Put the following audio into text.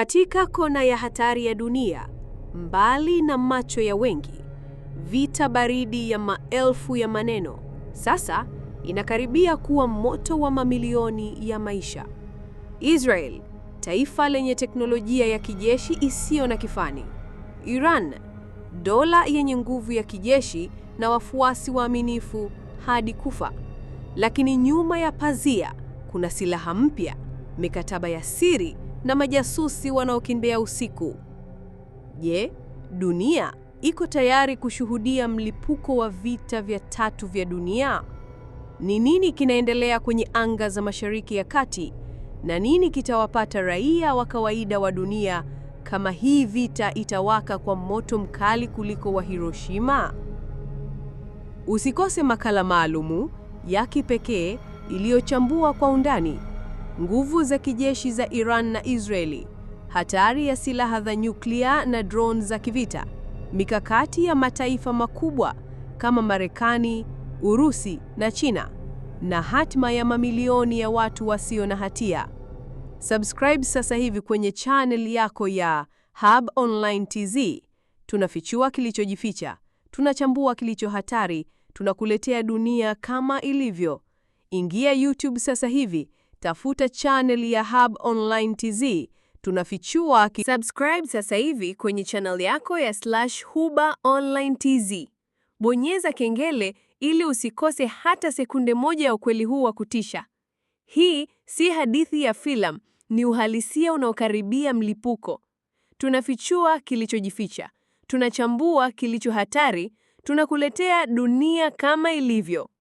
Katika kona ya hatari ya dunia, mbali na macho ya wengi, vita baridi ya maelfu ya maneno sasa inakaribia kuwa moto wa mamilioni ya maisha. Israel, taifa lenye teknolojia ya kijeshi isiyo na kifani. Iran, dola yenye nguvu ya kijeshi na wafuasi waaminifu hadi kufa. Lakini nyuma ya pazia kuna silaha mpya, mikataba ya siri na majasusi wanaokimbia usiku. Je, dunia iko tayari kushuhudia mlipuko wa vita vya tatu vya dunia? Ni nini kinaendelea kwenye anga za Mashariki ya Kati na nini kitawapata raia wa kawaida wa dunia kama hii vita itawaka kwa moto mkali kuliko wa Hiroshima? Usikose makala maalumu ya kipekee iliyochambua kwa undani nguvu za kijeshi za Iran na Israeli, hatari ya silaha za nyuklia na drone za kivita, mikakati ya mataifa makubwa kama Marekani, Urusi na China, na hatima ya mamilioni ya watu wasio na hatia. Subscribe sasa hivi kwenye channel yako ya Hub Online TZ. Tunafichua kilichojificha, tunachambua kilicho hatari, tunakuletea dunia kama ilivyo. Ingia YouTube sasa hivi tafuta channel ya Hub Online TZ. Tunafichua ki... Subscribe sasa hivi kwenye channel yako ya slash Huba Online TZ. Bonyeza kengele ili usikose hata sekunde moja ya ukweli huu wa kutisha. Hii si hadithi ya filamu, ni uhalisia unaokaribia mlipuko. Tunafichua kilichojificha, tunachambua kilicho hatari, tunakuletea dunia kama ilivyo.